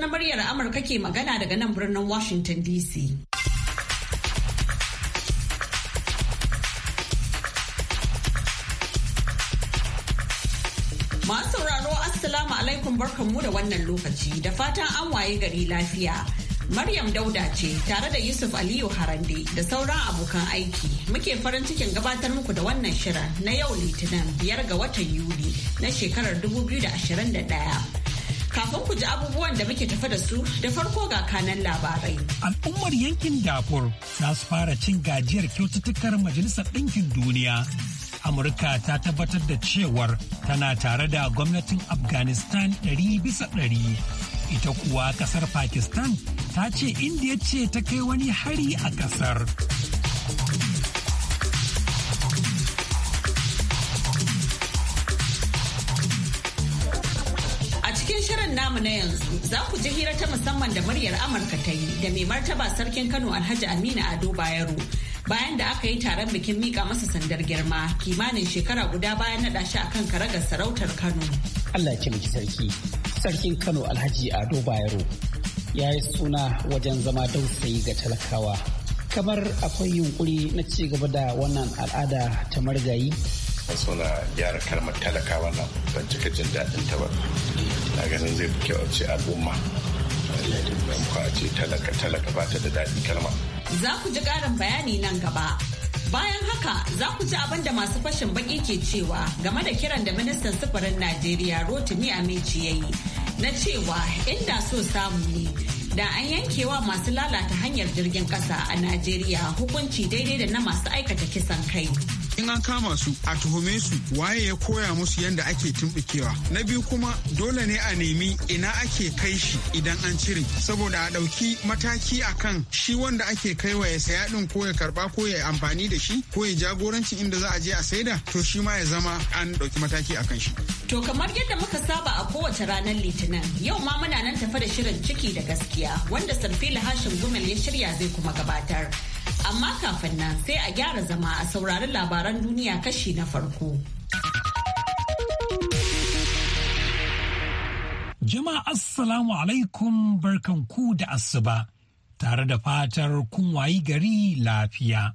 na muryar Amurka ke magana daga nan birnin Washington DC. Masu sauraro Assalamu alaikum barkanmu da wannan lokaci da fatan an waye gari lafiya. Maryam Dauda ce tare da Yusuf Aliyu Harande da sauran abokan aiki muke farin cikin gabatar muku da wannan shirin na yau Litinin biyar ga watan Yuli na shekarar 2021. Kafin ku ji abubuwan da muke tafa da su da farko ga kanan labarai. Al'ummar yankin Dafur za su fara cin gajiyar kyaututtukar Majalisar Ɗinkin Duniya. Amurka ta tabbatar da cewar tana tare da gwamnatin Afghanistan ɗari bisa ɗari. Ita kuwa ƙasar Pakistan ta ce Indiya ce ta kai wani hari a ƙasar. shirin namu na yanzu za ku ji hira ta musamman da muryar Amurka ta yi da mai martaba sarkin Kano Alhaji Aminu Ado Bayero bayan da aka yi taron bikin mika masa sandar girma kimanin shekara guda bayan naɗa shi akan karagar sarautar Kano. Allah ya miki sarki. Sarkin Kano Alhaji Ado Bayero ya yi suna wajen zama dausayi ga talakawa. Kamar akwai yunkuri na ci gaba da wannan al'ada ta margayi suna gyara kalmar talakawa na ban cika jin daɗin ta ba na ganin zai fi kyau ce al'umma don ce talaka talaka ba ta da daɗin kalma. za ku ji ƙarin bayani nan gaba bayan haka za ku ji abin da masu fashin baki ke cewa game da kiran da ministan sufurin najeriya rotimi a ya yi na cewa inda so samu ne da an yankewa masu lalata hanyar jirgin ƙasa a najeriya hukunci daidai da na masu aikata kisan kai. in an kama su a tuhume su waye ya koya musu yadda ake tumbikewa na biyu kuma dole ne a nemi ina ake kai shi idan an cire saboda a ɗauki mataki akan shi wanda ake kai wa ya saya ɗin ko ya karba ko ya amfani da shi ko ya jagoranci inda za a je a saida to shi ma ya zama an ɗauki mataki akan shi. To kamar yadda muka saba a kowace ranar Litinin, yau ma muna nan tafa da shirin ciki da gaskiya wanda Sarfila Hashim Gumel ya shirya zai kuma gabatar. Amma kafin nan sai a gyara zama a saurari labaran duniya kashi na farko. Jama'a Assalamu alaikum barkanku da asuba tare da fatar kun gari lafiya.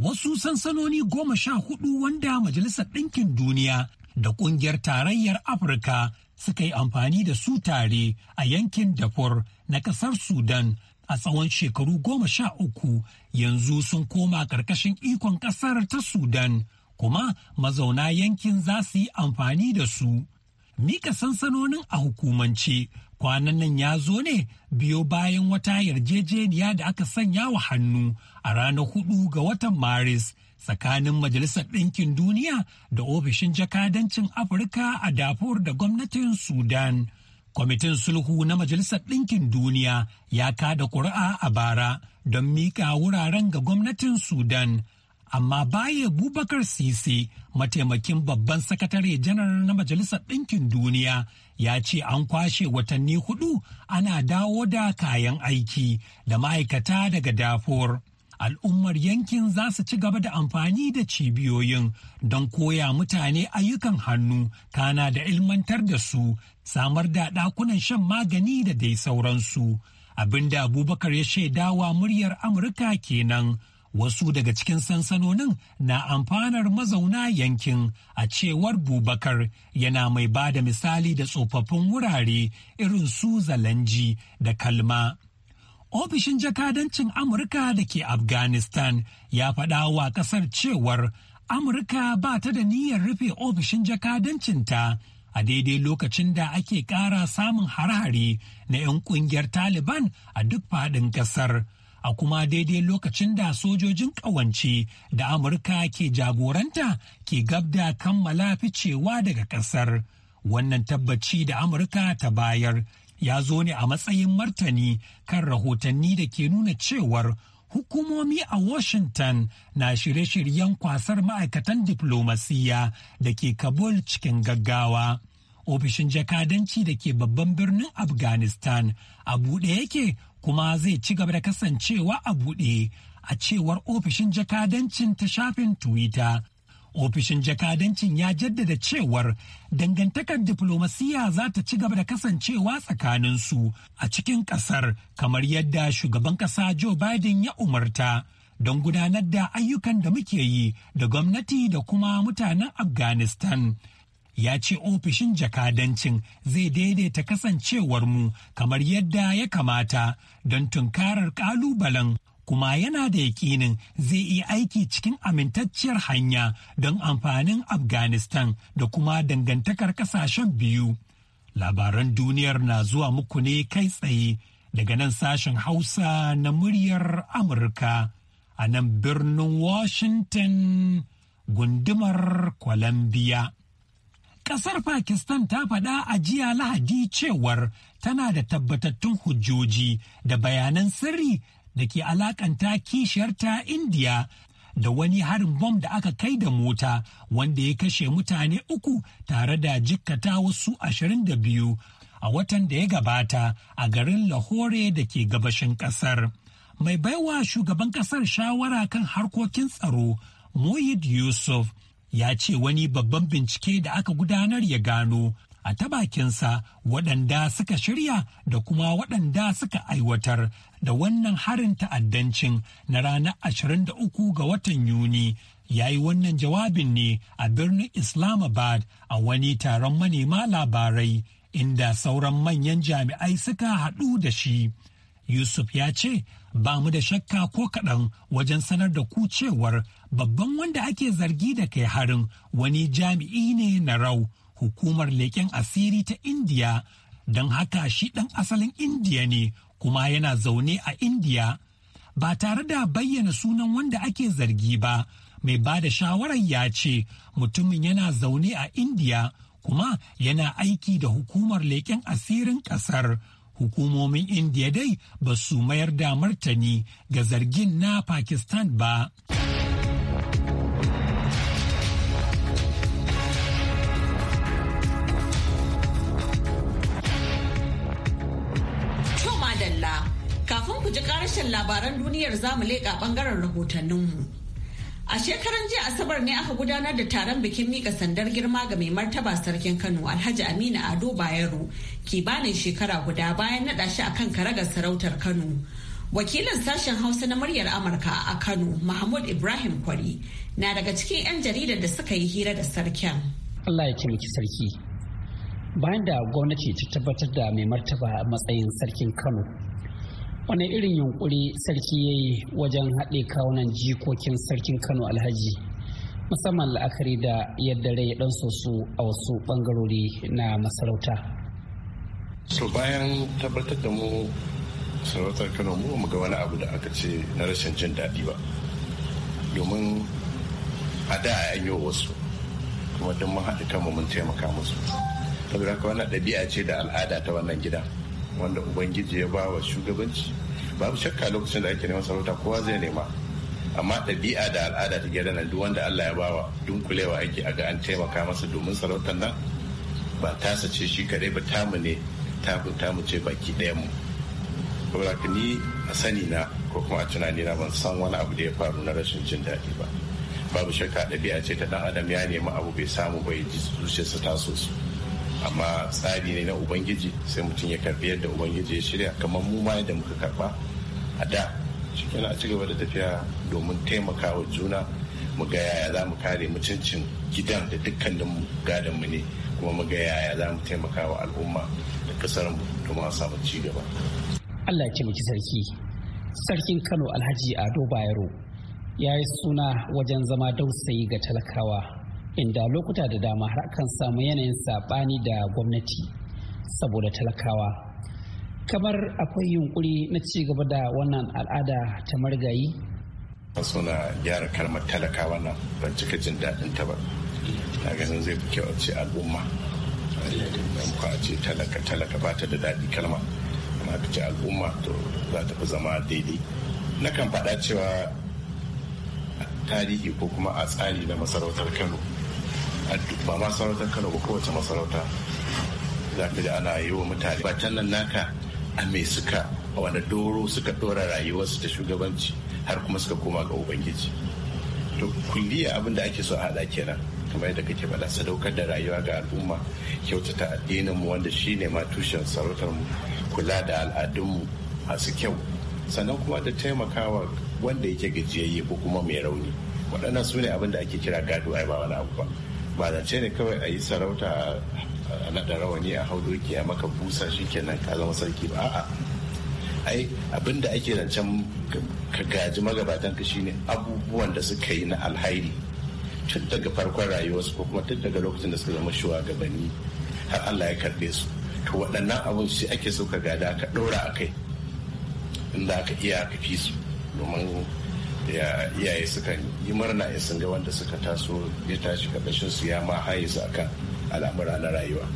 Wasu sansanoni goma sha hudu wanda Majalisar Ɗinkin Duniya da Ƙungiyar Tarayyar Afirka suka yi amfani da su tare a yankin Darfur na ƙasar Sudan a tsawon shekaru goma sha uku yanzu sun koma ƙarƙashin ikon ƙasar ta Sudan kuma mazauna yankin za su yi amfani da su. Mika sansanonin a hukumance kwanan nan ya zo ne biyo bayan wata yarjejeniya da aka sanya wa hannu a ranar hudu ga watan Maris tsakanin Majalisar Ɗinkin Duniya da ofishin jakadancin Afirka a dafur da gwamnatin Sudan. kwamitin sulhu na majalisar ɗinkin duniya ya kada ƙuri'a a bara don miƙa wuraren ga gwamnatin sudan amma baya bubakar sisi mataimakin babban sakatare janar na majalisar ɗinkin duniya ya ce an kwashe watanni hudu ana dawo da kayan aiki da ma'aikata daga dafor al'ummar yankin za su ci gaba da amfani da cibiyoyin don koya mutane ayyukan hannu kana da ilmantar da su samar da ɗakunan shan magani da dai sauransu abinda abubakar ya shaidawa muryar amurka kenan wasu daga cikin sansanonin na amfanar mazauna yankin a cewar bubakar yana mai ba da misali da tsofaffin wurare irin su zalanji da kalma ofishin jakadancin amurka da ke afghanistan ya faɗa wa ƙasar cewar amurka ba ta da niyyar rufe ofishin jakadancinta a daidai lokacin da ake ƙara samun harhari na 'yan ƙungiyar taliban a duk faɗin ƙasar a kuma daidai lokacin da sojojin ƙawance da amurka ke jagoranta ke gab da kammala ficewa daga ƙasar wannan tabbaci da amurka ta bayar ya zo ne a matsayin martani kan rahotanni da ke nuna cewar hukumomi a Washington na shirye-shiryen kwasar ma'aikatan diplomasiyya da ke Kabul cikin gaggawa. Ofishin jakadanci da ke babban birnin Afghanistan a buɗe yake kuma zai ci gaba da kasancewa a buɗe a cewar ofishin jakadancin ta shafin Twitter ofishin jakadancin ya jaddada cewar dangantakar diflomasiyya za ta ci gaba da kasancewa tsakaninsu a cikin kasar kamar yadda shugaban kasa joe biden ya umarta don gudanar da ayyukan da muke yi da gwamnati da kuma mutanen afghanistan ya ce ofishin jakadancin zai daidaita kasancewar mu kamar yadda ya kamata don tunkarar kalubalen kuma yana da yakinin zai iya aiki cikin amintacciyar hanya don amfanin afghanistan da kuma dangantakar kasashen biyu labaran duniyar na zuwa muku ne kai tsaye daga nan sashen hausa na muryar amurka a nan birnin washington gundumar columbia Ƙasar Pakistan ta faɗa a jiya Lahadi cewar tana da tabbatattun hujjoji da bayanan sirri da ke alakanta ta indiya da wani harin bom da aka kai da mota wanda ya kashe mutane uku tare da jikkata wasu ashirin da biyu a watan da ya gabata a garin lahore da ke gabashin kasar mai baiwa shugaban kasar shawara kan harkokin tsaro moyid yusuf ya ce wani babban bincike da aka gudanar ya gano a ta bakinsa waɗanda suka shirya da kuma waɗanda suka aiwatar da wannan harin ta'addancin na ranar 23 ga watan Yuni ya yi wannan jawabin ne a birnin Islamabad a wani taron manema labarai inda sauran manyan jami'ai suka haɗu da shi. Yusuf ya ce ba mu da shakka ko kaɗan wajen sanar da ku cewar babban wanda ake zargi da kai harin wani jami'i ne na rau. hukumar leƙen asiri ta indiya don haka shi ɗan asalin indiya ne kuma yana zaune a indiya ba tare da bayyana sunan wanda ake zargi ba mai ba da shawarar ya ce mutumin yana zaune a indiya kuma yana aiki da hukumar leƙen asirin ƙasar hukumomin indiya dai ba su mayar da martani ga zargin na pakistan ba. sashen labaran duniyar zamu leƙa ɓangaren rahotanninmu. A shekaran jiya Asabar ne aka gudanar da taron bikin mika sandar girma ga mai martaba sarkin Kano Alhaji Aminu Ado Bayero kibanin shekara guda bayan naɗa shi akan karagar sarautar Kano. Wakilin sashen Hausa na muryar Amurka a Kano, Mahmud Ibrahim Kwari, na daga cikin 'yan jaridar da suka yi hira da sarkin. Allah ya taimaki sarki. Bayan da gwamnati ta tabbatar da mai martaba a matsayin sarkin Kano, wani irin yunkuri sarki ya yi wajen haɗe kawunan jikokin sarkin kano alhaji musamman la'akari da yadda rai ɗan soso a wasu ɓangarori na masarauta so bayan tabbatar da mu sarautar kano mu mu ga wani abu da aka ce na rashin jin daɗi ba domin a da a yi wasu kuma don mun haɗa kanmu mun taimaka musu saboda haka wannan ɗabi'a ce da al'ada ta wannan gida wanda ubangiji ya ba wa shugabanci babu shakka lokacin da ake neman sarauta kowa zai nema amma ɗabi'a da al'ada ta gyara nan duk wanda Allah ya bawa dunkulewa ake a ga an taimaka masa domin sarautar nan ba tasa ce shi kaɗai ba tamu ne tamu tamu ce baki ɗayan mu saboda ni a sani na ko kuma a tunani na ban san wani abu da ya faru na rashin jin daɗi ba babu shakka ɗabi'a ce ta ɗan adam ya nema abu bai samu bai ji zuciyarsa ta so su amma tsari ne na ubangiji sai mutum ya karbi yadda ubangiji ya shirya kamar mu ma yadda muka karba a da shi a ci gaba da tafiya domin taimakawa juna mu ga yaya za mu kare mutuncin gidan da dukkanin gadon mu ne kuma mu ga yaya za mu taimakawa al'umma da kasar mu domin a samu ci gaba Allah ya taimaki sarki sarkin Kano Alhaji Ado Bayero ya yi suna wajen zama dausayi ga talakawa inda lokuta da dama har kan samu yanayin saɓani da gwamnati saboda talakawa kamar akwai yunkuri na ci gaba da wannan al'ada ta margayi suna gyara kalmar talakawa nan ban cika jin daɗin ta ba na ganin zai fi kyau a ce al'umma ko a ce talaka talaka ba ta da daɗi kalma amma ka ce al'umma to za ta fi zama daidai na kan faɗa cewa tarihi ko kuma a tsari na masarautar kano ba masarautar kano ba kowace masarauta za ka ji ana yi wa mutane ba can nan naka a me suka a wani doro suka dora rayuwarsu ta shugabanci har kuma suka koma ga ubangiji to kulliya abin da ake so a haɗa kenan kamar yadda kake faɗa sadaukar da rayuwa ga al'umma kyautata addinin mu wanda shine ma tushen sarautar mu kula da al'adunmu masu kyau sannan kuma da taimakawa wanda yake gajiyayye ko kuma mai rauni waɗannan su ne abin da ake kira gado ai ba wani abu ba ba zance ne kawai a yi sarauta a naɗa rawani a hau doki maka busa shi kenan ka zama sarki ba a'a ai abin da ake zancen ka gaji magabatan ka shine abubuwan da suka yi na alhairi tun daga farkon rayuwarsu ko kuma tun daga lokacin da suka zama shugabanni har Allah ya karɓe su to waɗannan abun shi ake so ka gada ka ɗora a kai inda aka iya ka fi su domin iyaye sukan yi na ya ga wanda suka taso ya tashi karkashin su ya ma haye su akan al'amura na rayuwa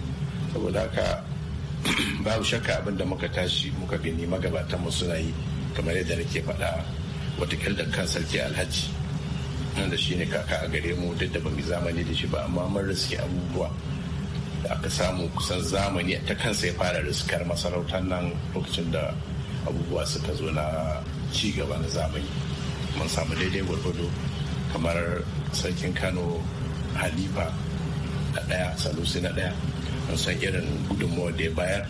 saboda haka babu shakka abin da muka tashi muka gani magabatan mu suna yi kamar yadda nake faɗa watakil da kan sarki alhaji nan da shine kaka a gare mu duk da ban yi zamani da shi ba amma mun riske abubuwa da aka samu kusan zamani ta kansa ya fara riskar masarautar nan lokacin da abubuwa suka zo na ci gaba na zamani mun samu daidai gwargwado kamar sarkin kano halifa na ɗaya salusi na ɗaya don san irin gudunmuwa da ya bayar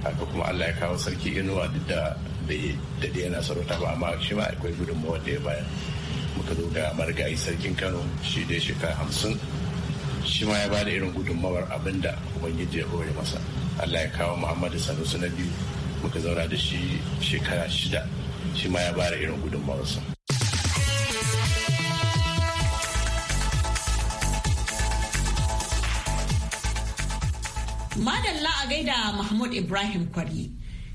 haka kuma allah ya kawo sarki inuwa duk da da yana sarauta ba amma shi ma akwai gudunmuwa da ya bayar muka zo ga margayi sarkin kano shi dai shekara hamsin shi ma ya ba da irin gudunmawar abinda ubangiji ya hore masa allah ya kawo muhammadu sanusi na biyu muka zauna da shi shekara shida shi ma ya ba da irin gudunmawarsa Madalla a gaida Mahmud Ibrahim Kwari.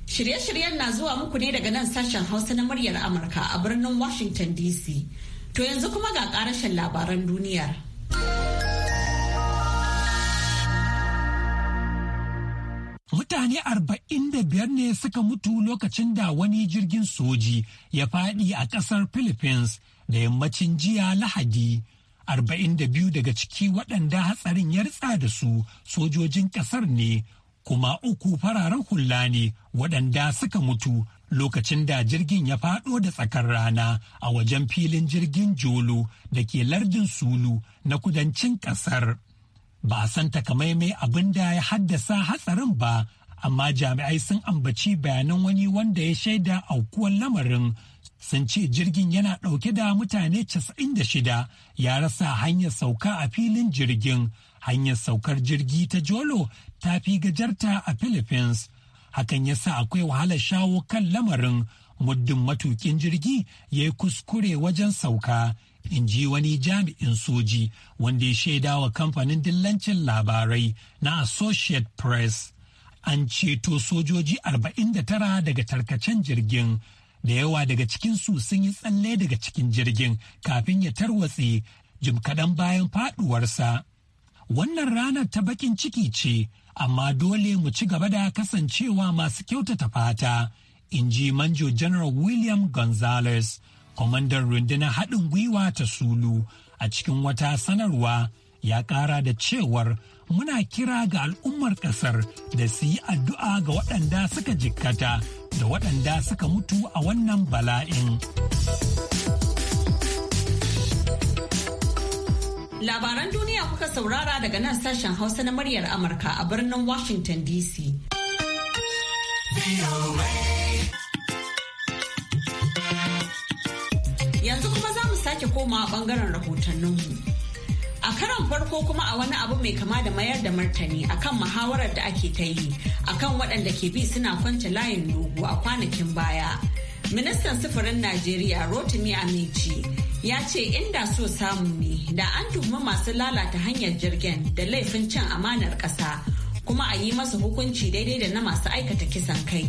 Shirye-shiryen na zuwa muku ne daga nan sashen Hausa na muryar Amurka a birnin Washington DC. To yanzu kuma ga karashen labaran duniyar. Mutane arba'in da biyar ne suka mutu lokacin da wani jirgin soji ya faɗi a ƙasar Philippines da yammacin jiya Lahadi. Arba'in da biyu daga ciki waɗanda hatsarin ya ritsa da su sojojin ƙasar ne kuma uku fararen hula ne waɗanda suka mutu lokacin da jirgin ya faɗo da tsakar rana a wajen filin jirgin jolo da ke lardin sulu na kudancin ƙasar. Ba a san takamaimai abin da ya haddasa hatsarin ba, amma jami'ai sun ambaci bayanan wani wanda ya shaida aukuwar lamarin sun ce jirgin yana ɗauke da mutane 96 ya rasa hanyar sauka a filin jirgin hanyar saukar jirgi ta jolo ta fi gajarta a philippines hakan ya sa akwai wahalar shawo kan lamarin muddin matukin jirgi ya yi kuskure wajen sauka in ji wani jami'in soji wanda ya shaida wa kamfanin dillancin labarai na associate press an ceto sojoji 49 daga tarkacen jirgin da yawa daga cikinsu sun yi tsalle daga cikin jirgin kafin ya tarwatse jim kaɗan bayan faɗuwarsa. Wannan ranar ta bakin ciki ce, amma dole mu ci gaba da kasancewa masu kyautata fata, in ji Manjo General William Gonzales, kwamandan rundunar haɗin gwiwa ta Sulu, a cikin wata sanarwa ya ƙara da cewar muna kira ga al'ummar ƙasar da su yi addu'a ga waɗanda suka jikkata da waɗanda suka mutu a wannan bala'in. Labaran duniya kuka saurara daga nan sashen Hausa na muryar Amurka a birnin Washington DC. Yanzu kuma za mu sake koma ɓangaren bangaren rahotanninmu. A karon farko kuma a wani abu mai kama da mayar da martani akan muhawarar da ake ta yi akan waɗanda ke bi suna kwance layin dogo a kwanakin baya. Ministan sufurin Najeriya Rotimi Amici ya ce inda so samu ne da an tuhumi masu lalata hanyar jirgin da laifin cin amanar ƙasa kuma a yi masa hukunci daidai da na masu aikata kisan kai.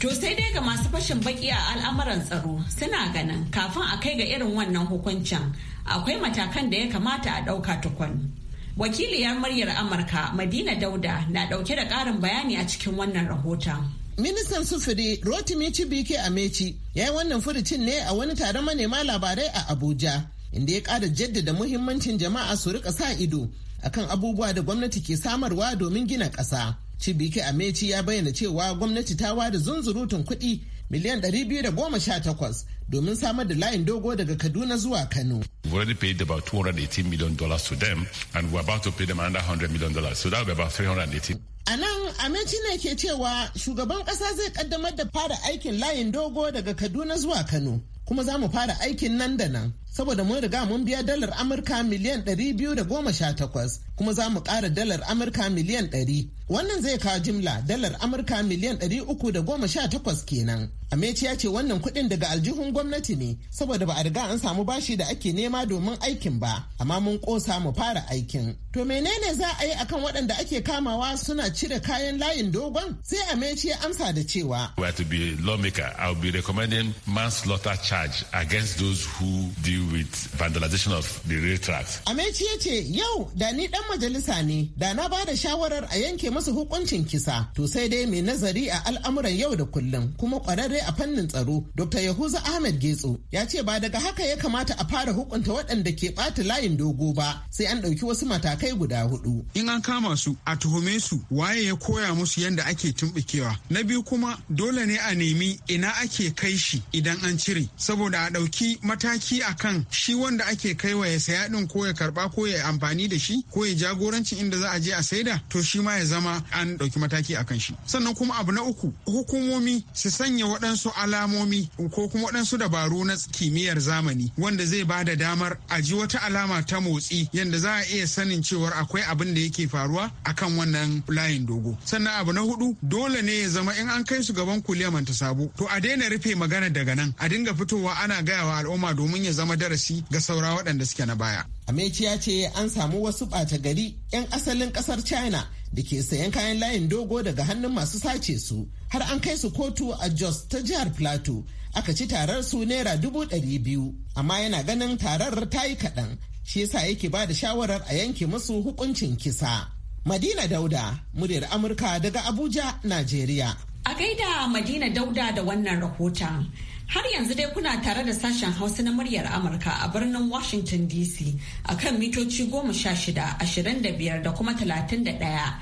To sai dai ga masu fashin baki a al'amuran tsaro suna ganin kafin a kai ga irin wannan hukuncin akwai matakan da ya kamata a ɗauka tukun. Wakiliyar muryar Amurka Madina Dauda na ɗauke da ƙarin bayani a cikin wannan rahoton. Ministan Sufuri Rotimi Chibike Amechi ya yi wannan furucin ne a wani taron manema labarai a Abuja, inda ya ƙara jaddada muhimmancin jama'a su rika sa ido akan abubuwa da gwamnati ke samarwa domin gina ƙasa. Chibike Amechi ya bayyana cewa gwamnati ta wada zunzurutun kuɗi miliyan 218 domin samar da layin dogo daga Kaduna zuwa Kano. We've already paid about 218 million dollars to them and we're about to pay them another 100 million dollars. So that will be about 318. A nan ne ke cewa shugaban kasa zai kaddamar da fara aikin layin dogo daga Kaduna zuwa Kano. Kuma za mu fara aikin nan da nan, saboda mun riga mun biya dalar Amurka miliyan 218 kuma za mu ƙara dalar Amurka miliyan 100. Wannan zai kawo jimla dalar Amurka miliyan 318 kenan. Ameci ya ce wannan kuɗin daga aljihun gwamnati ne saboda ba a riga an samu bashi da ake nema domin aikin ba, amma mun ƙosa mu fara aikin. To menene za a yi akan waɗanda ake kamawa suna cire kayan layin dogon? Sai Ameci ya amsa da cewa. We are to be lawmaker. I will be recommending manslaughter charge against those who deal with vandalization of the rail tracks. ya ce yau da ni ɗan majalisa ne da na ba da shawarar a yanke masu hukuncin kisa. To sai dai mai nazari a al'amuran yau da kullum kuma ƙwararre a fannin tsaro Dr. Yahuza Ahmed Getso ya ce ba daga haka ya kamata a fara hukunta waɗanda ke ɓata layin dogo ba sai an ɗauki wasu matakai guda hudu. In an kama su a tuhume su waye ya koya musu yadda ake tumɓukewa. Na biyu kuma dole ne a nemi ina ake kai shi idan an cire saboda a ɗauki mataki akan shi wanda ake kai wa ya saya ɗin ko ya karɓa ko ya amfani da shi ko ya jagorancin inda za a je a saida to shi ma ya zama an ɗauki mataki akan shi. Sannan kuma abu na uku hukumomi su sanya waɗansu waɗansu alamomi ko kuma waɗansu dabaru na kimiyyar zamani wanda zai ba da damar a ji wata alama ta motsi yadda za a iya sanin cewar akwai abin da yake faruwa a kan wannan layin dogo sannan abu na hudu dole ne ya zama in an kai su gaban kuliyaman ta sabo to a daina rufe magana daga nan a dinga fitowa ana gaya wa al'umma domin ya zama darasi ga saura waɗanda suke na baya Ameci ya ce an samu wasu ɓata gari 'yan asalin ƙasar China da ke sayan kayan layin dogo daga hannun masu sace su har an kai su kotu a Jos ta jihar Plateau aka ci tarar su naira dubu ɗari biyu amma yana ganin tarar ta yi kaɗan shi yasa yake ba da shawarar a yanke musu hukuncin kisa. Madina Dauda, muryar Amurka daga Abuja, Najeriya. A gaida Madina Dauda da wannan rahoton. Har yanzu dai kuna tare da sashen Hausa na muryar Amurka a birnin Washington DC a kan mitoci goma sha shida, ashirin da biyar da kuma talatin da ɗaya.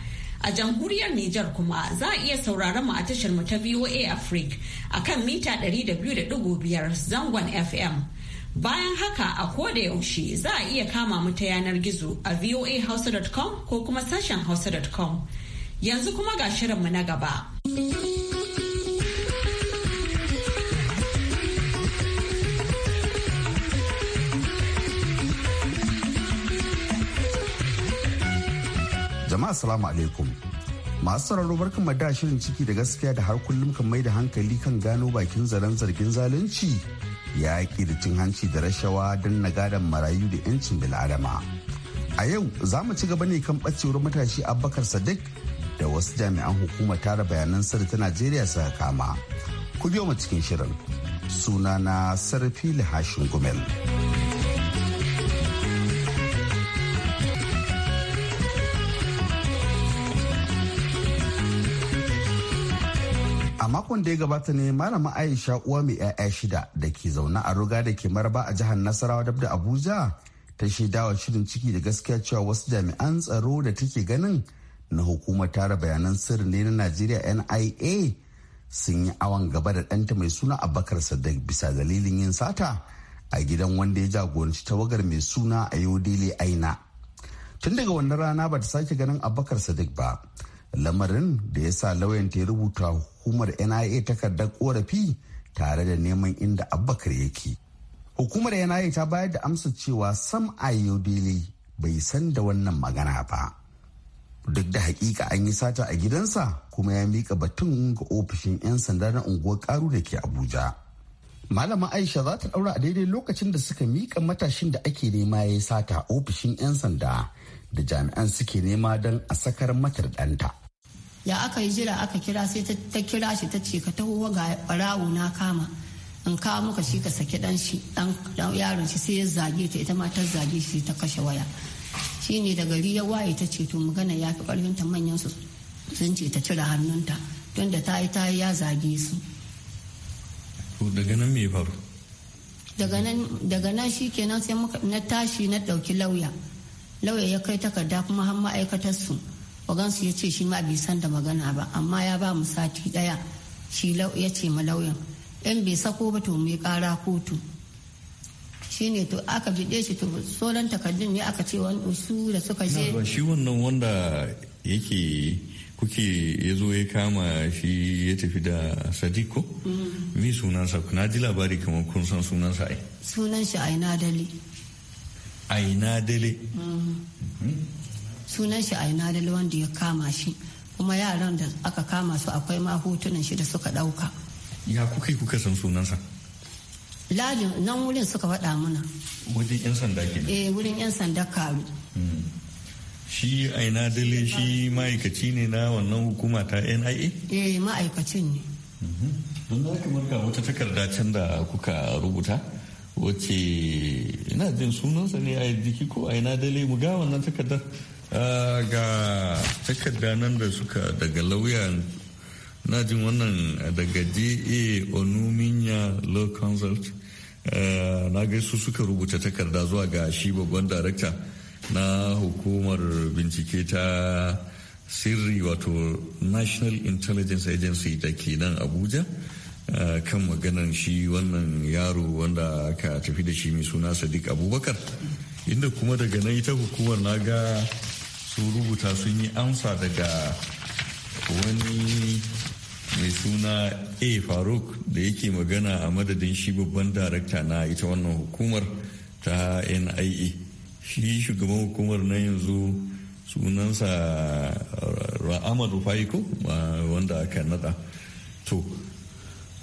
A jamhuriyar Nijar kuma za a iya sauraron mu a tashar mu ta VOA Africa a kan mita 200.5 zangon FM. Bayan haka a koda yaushe za a iya kama mu ta yanar gizo a voahausa.com ko kuma sashen hausa.com. Yanzu kuma ga mu na gaba. jama'a salamu alaikum masu sauraro barkan da shirin ciki da gaskiya da har kullum kan mai da hankali kan gano bakin zaren zargin zalunci yaƙi da cin hanci da rashawa don gadon marayu da 'yancin bil'adama a yau za mu ci gaba ne kan ɓacewar matashi abubakar sadiq da wasu jami'an hukumar tara bayanan sirri ta najeriya suka kama ku biyo mu cikin shirin sunana sarfili hashin gumel. gumel makon da ya gabata ne malama aisha uwa mai 'ya'ya shida da ke zaune a ruga da ke maraba a jihar nasarawa dab da abuja ta shaidawa shirin ciki da gaskiya cewa wasu jami'an tsaro da take ganin na hukumar tara bayanan sirri ne na najeriya nia sun yi awon gaba da ɗanta mai suna abakar sadiq bisa dalilin yin sata a gidan wanda ya jagoranci tawagar mai suna a yodele aina tun daga wannan rana ba ta sake ganin abakar sadiq ba lamarin da ya sa lauyan ta rubuta hukumar nia takardar korafi tare da neman inda abbakar yake hukumar nia ta bayar da amsa cewa sam ayodele bai san da wannan magana ba duk da hakika an yi sata a gidansa kuma ya mika batun ga ofishin 'yan sanda na unguwar karu da ke abuja malama aisha za ta daura a daidai lokacin da suka mika matashin da ake nema ya sata ofishin 'yan sanda da jami'an suke nema don a sakar matar da ɗanta. ya aka yi jira aka kira sai ta kira shi ta ce ka taho ga barawo na kama in kawo muka shi ka saki dan shi dan yaron shi sai ya zage ta ita ma ta zage shi ta kashe waya shine da gari ya waye ta ce to magana ya fi karfin ta manyan su sun ce ta cire hannunta tun da ta yi ta ya zage su daga nan me faru daga nan shi kenan sai na tashi na dauki lauya lauya ya kai takarda kuma har ma'aikatar su wagansu ya ce shi ma bai san da magana ba amma ya ba mu sati daya shi ya ce ma lauyan in bai sako ba to mu kara kotu shine to aka bide shi to sauran takardun ne aka ce wani su da suka je shi wannan wanda yake kuke ya zo ya kama shi ya tafi da sadiko mi mm. sunansa na ji labari kamar kun san sunansa ai sunan shi ai na dali aina dale mm. mm-hmm. sunan shi aina dale wanda ya kama shi kuma yaran da aka kama su akwai ma hotunan shi da suka dauka ya kuka yi kuka san sunansa ladin nan wurin suka faɗa muna wajen yan sanda ke eh wurin yan sanda karu mm. shi aina dale shi ma'aikaci ne na wannan hukuma ta nia eh ma'aikacin ne mm-hmm. don da kamar ga wata takarda can da kuka rubuta wace ina jin sunansa ne a jiki ko a ina dale mu ga wannan takarda. Ah, ga takarda nan da suka daga lauya na jin wannan daga A onuminya law consult ah, na gaisu suka rubuta takarda zuwa ga shi babban darakta na hukumar bincike ta sirri wato national intelligence agency da ke nan abuja Eh, kan maganan shi wannan yaro wanda aka tafi da shi mai suna sadiq abubakar inda kuma daga nan ita hukumar na ga su rubuta sun yi amsa daga wani mai suna a faruk da yake magana a madadin shi babban darakta na ita wannan hukumar ta nia shi shugaban hukumar na yanzu sunansa ra'amar rufai ko wanda aka nada to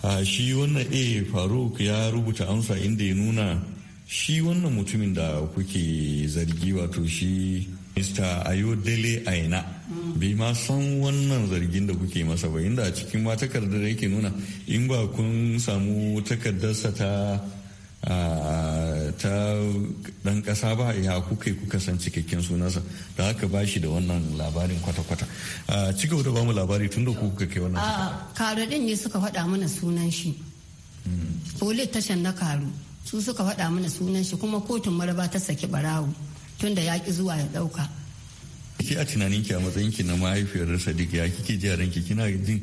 a shi wannan a eh, faruk ya rubuta amsa inda ya nuna shi wannan mutumin da kuke zargi wato shi mista ayodele aina bai ma san wannan zargin da kuke masa ba inda a cikin ma takardar yake nuna in ba kun samu takardarsa ta ta ɗan ƙasa ba ya kuka kuka san cikakken sunansa da haka ba shi da wannan labarin kwata-kwata ci gaba da ba mu labari tun da kuka kai wannan karo ɗin ne suka faɗa mana sunan shi hmm. polis tashan na karo su suka faɗa mana sunan shi kuma kotun maraba ta saki barawo tunda da ya ƙi zuwa ya ɗauka ke a tunanin ki a matsayin ki na mahaifiyar sadiq ya kike ji a ranki kina jin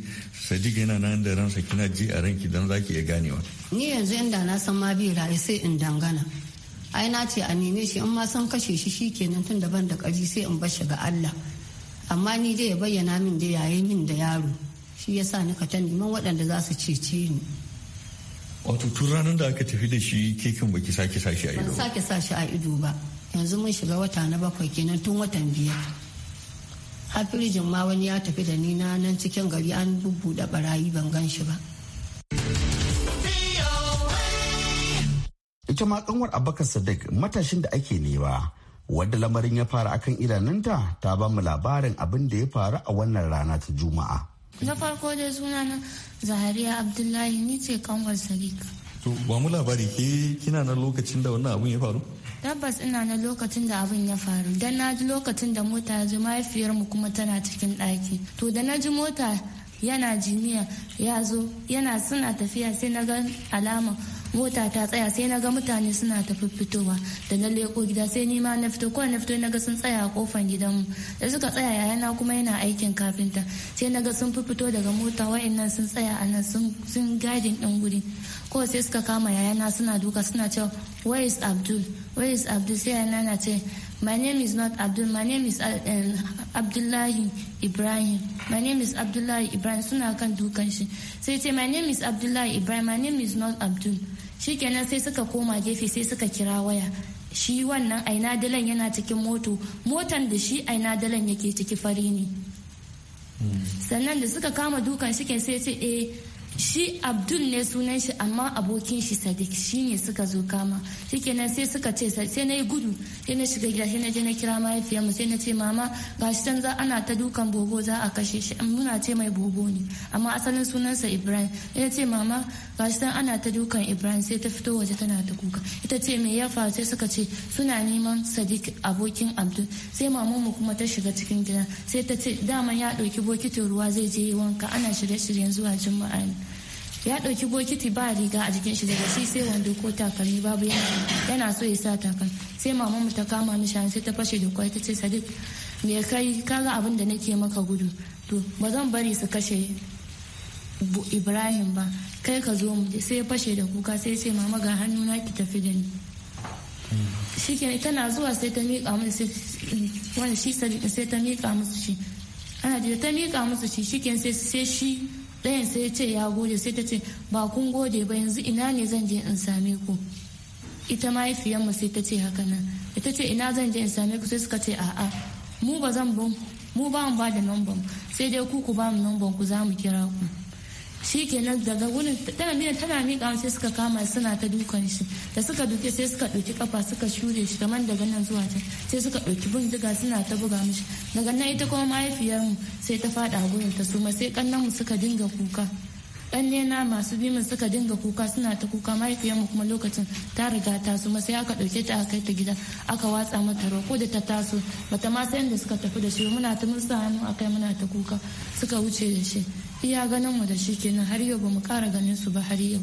sadiq yana nan da ransa kina ji a ranki dan ki iya ganewa ni yanzu inda na san ma bi raye sai in dangana ai na ce a neme shi in ma san kashe shi shikenan tun daban da kaji sai in bar shi ga Allah amma ni dai ya bayyana min da yayi min da yaro shi yasa ni ka tan neman waɗanda za su cece ni wato tun ranar da aka tafi da shi kekin baki sake sashi a ido ba sake a ido ba yanzu mun shiga wata na bakwai kenan tun watan biyar har firijin ma wani ya tafi da ni na nan cikin gari an da barayi ban gan shi ba ita ma kanwar abakar sadiq matashin da ake nema wadda lamarin ya fara akan idanunta ta ba mu labarin abin da ya faru a wannan rana ta juma'a na farko da na zahariya abdullahi ni ce kanwar sadiq to ba mu labari ke kina nan lokacin da wannan abin ya faru tabbas ina na lokacin da abin ya faru dan na ji lokacin da mota ya zo mahaifiyarmu kuma tana cikin ɗaki to da na ji mota yana jiniya ya zo yana suna tafiya sai na ga alama mota ta tsaya sai na ga mutane suna ta fitowa da na leko gida sai ni ma na fito ko na fito na ga sun tsaya a kofan mu da suka tsaya yayana kuma yana aikin kafinta sai na ga sun fito daga mota wa'annan sun tsaya a nan sun gadin din guri ko sai suka kama yayana suna duka suna cewa wais abdul wais abdul sai yana na ce My name is not Abdul, my name is uh, um, Abdullahi Ibrahim. My name is Abdullahi Ibrahim suna kan dukan shi. Sai ce my name is Abdullahi Ibrahim, my name is not Abdul. Shikenan sai suka koma gefe sai suka kira waya. Shi wannan aina dalan yana cikin moto, motan da shi aina dalan yake ciki fari ne. Hmm. Sannan da suka kama dukan shi sai ce eh shi abdul ne sunan shi amma abokin shi sadiq shi ne suka zo kama shikenan sai suka ce sai na yi gudu sai na shiga gida sai na je na kira mahaifiyarmu sai na ce mama gashi can za ana ta dukan bobo za a kashe shi muna ce mai bobo ne amma asalin sunansa ibrahim sai na ce mama shi can ana ta dukan ibrahim sai ta fito waje tana ta kuka ita ce mai ya faru sai suka ce suna neman sadiq abokin abdul sai mamanmu kuma ta shiga cikin gida sai ta ce dama ya ɗauki bokitin ruwa zai je wanka ana shirye-shiryen zuwa juma'a ne ya ɗauki bokiti ba riga a jikin shi daga shi sai wando ko takalmi babu yana so ya sa takalmi sai mamanmu ta kama mishi hannu sai ta fashe da kwai ta ce sadiq me kai kaga abin da nake maka gudu to ba zan bari su kashe ibrahim ba kai ka zo mu sai ya fashe da kuka sai ce mama ga hannu na ki tafi da ni shikenan tana zuwa sai ta miƙa musu wani shi sai ta miƙa musu shi ana da ta miƙa musu shi shikenan sai shi ɗayan sai ce ya gode sai ta ce ba kun gode ba yanzu ina ne zan je in same ku ita mahaifiyarmu sai ta ce haka nan ita ce ina zan je in same ku sai suka ce a'a mu ba zan mu ba mu ba da namban sai dai ku ku ba mu namban ku za mu kira ku shikenan daga wurin tana miƙa tana miƙa sai suka kama suna ta dukan shi da suka duke sai suka ɗauki kafa suka shure shi kamar daga nan zuwa can sai suka ɗauki bindiga suna ta buga mishi daga nan ita kuma mahaifiyarmu sai ta faɗa gurin ta suma sai kannanmu suka dinga kuka ɗan masu min suka dinga kuka suna ta kuka mahaifiyarmu kuma lokacin ta riga ta suma sai aka ɗauke ta aka kai ta gida aka watsa mata ko da ta taso bata ma sayan da suka tafi da shi muna ta musu hannu akai muna ta kuka suka wuce da shi iya ganin mu da shi kenan har yau ba mu kara ganin su ba har yau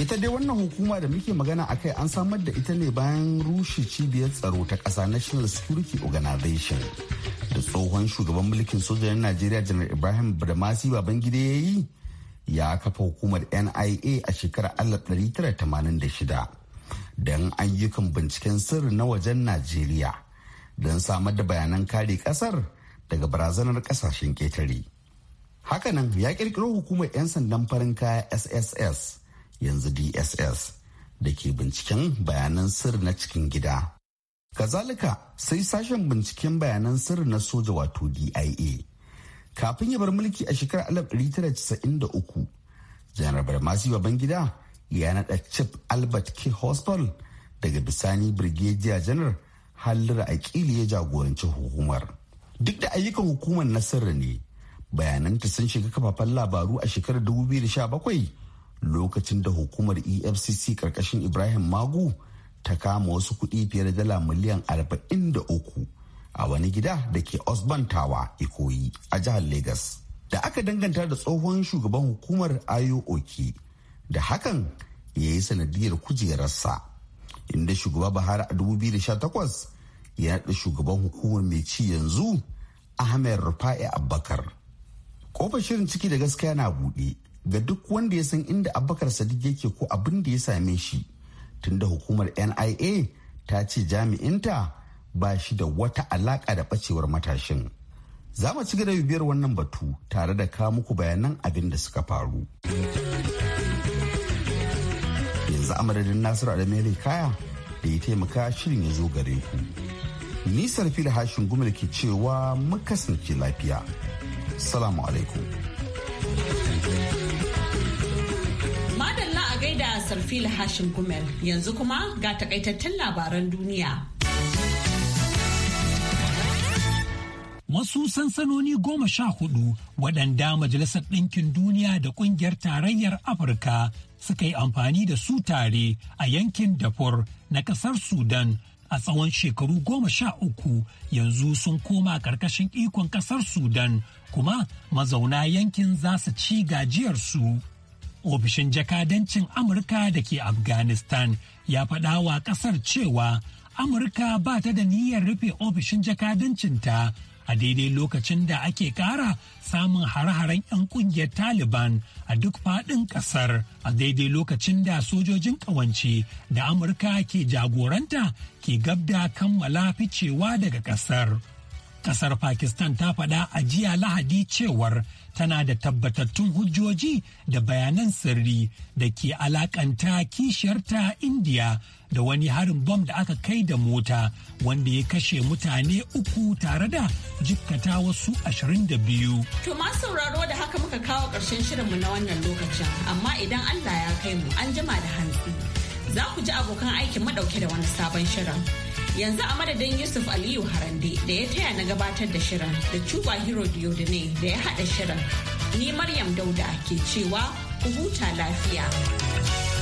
ita dai wannan hukuma da muke magana a kai an samar da ita ne bayan rushe cibiyar tsaro ta kasa national security organization da tsohon shugaban mulkin sojojin najeriya janar ibrahim badamasi babangida ya yi ya kafa hukumar nia a shekarar 1986 don ayyukan binciken sirri na wajen najeriya don samar da bayanan kare kasar daga barazanar kasashen ƙetare. hakanan ya kirkiro hukumar 'yan sandan farin kaya sss yanzu dss da ke binciken bayanan sirri na cikin gida kazalika sai sashen binciken bayanan sirri na soja wato dia kafin ya bar mulki a shekarar 1993 janar barmasi gida ya naɗa chief albert k hospital daga bisani brigadier janar halira akili ya jagoranci hukumar duk da ayyukan hukumar na ne bayananta sun shiga kafafen labaru a shekarar 2017 lokacin da hukumar efcc karkashin ibrahim magu ta kama wasu kuɗi fiye da dala miliyan 43 a wani gida da ke Osborn Tower Ikoyi a jihar Legas. Da aka danganta da tsohon shugaban hukumar Ayo da hakan ya yi sanadiyar kujerarsa. Inda shugaba Buhari a 2018 ya naɗa shugaban hukumar mai ci yanzu Ahmed Rufa'i Abbakar. Kofar shirin ciki da gaskiya na buɗe ga duk wanda ya san inda Abbakar Sadiq yake ko abin da ya same shi. Tunda hukumar NIA ta ce jami'inta ba shi da wata alaƙa da ɓacewar matashin. Za mu ci gaba da biyar wannan batu tare da kawo muku bayanan abin da suka faru. Yanzu amadadin Nasiru Adamele Kaya da ya taimaka shirin ya zo gare ku. Nisar da hashin gumil ke cewa mu kasance lafiya. Salamu alaikum. Madalla a gaida da Hashin Gumel yanzu kuma ga takaitattun labaran duniya. wasu sansanoni goma sha hudu waɗanda Majalisar Ɗinkin Duniya da Ƙungiyar Tarayyar Afirka suka yi amfani da su tare a yankin Darfur na ƙasar Sudan a tsawon shekaru goma sha uku yanzu sun koma ƙarƙashin ikon ƙasar Sudan kuma mazauna yankin za su ci gajiyarsu. Ofishin jakadancin Amurka da ke Afghanistan ya faɗa wa ƙasar cewa Amurka ba ta da niyyar rufe ofishin jakadancinta a daidai lokacin da ake kara samun hare-haren 'yan kungiyar taliban a duk faɗin ƙasar a daidai lokacin da sojojin ƙawance da amurka ke jagoranta ke gabda kammala ficewa daga ƙasar. Kasar Pakistan ta faɗa a jiya Lahadi cewar tana da tabbatattun hujjoji da bayanan sirri da ke alakanta kishiyarta indiya da wani harin bom da aka kai da mota wanda ya kashe mutane uku tare da jikkata wasu 22. To masu sauraro da haka muka kawo ƙarshen shirinmu na wannan lokacin, amma idan Allah ya kai mu an jima da hantsi. za ku ji abokan aikin madauke da wani sabon shirin. Yanzu a madadin Yusuf Aliyu Harande da ya taya na gabatar da shirin da Cuba Hero da ya haɗa shirin. Ni Maryam Dauda ke cewa ku huta lafiya.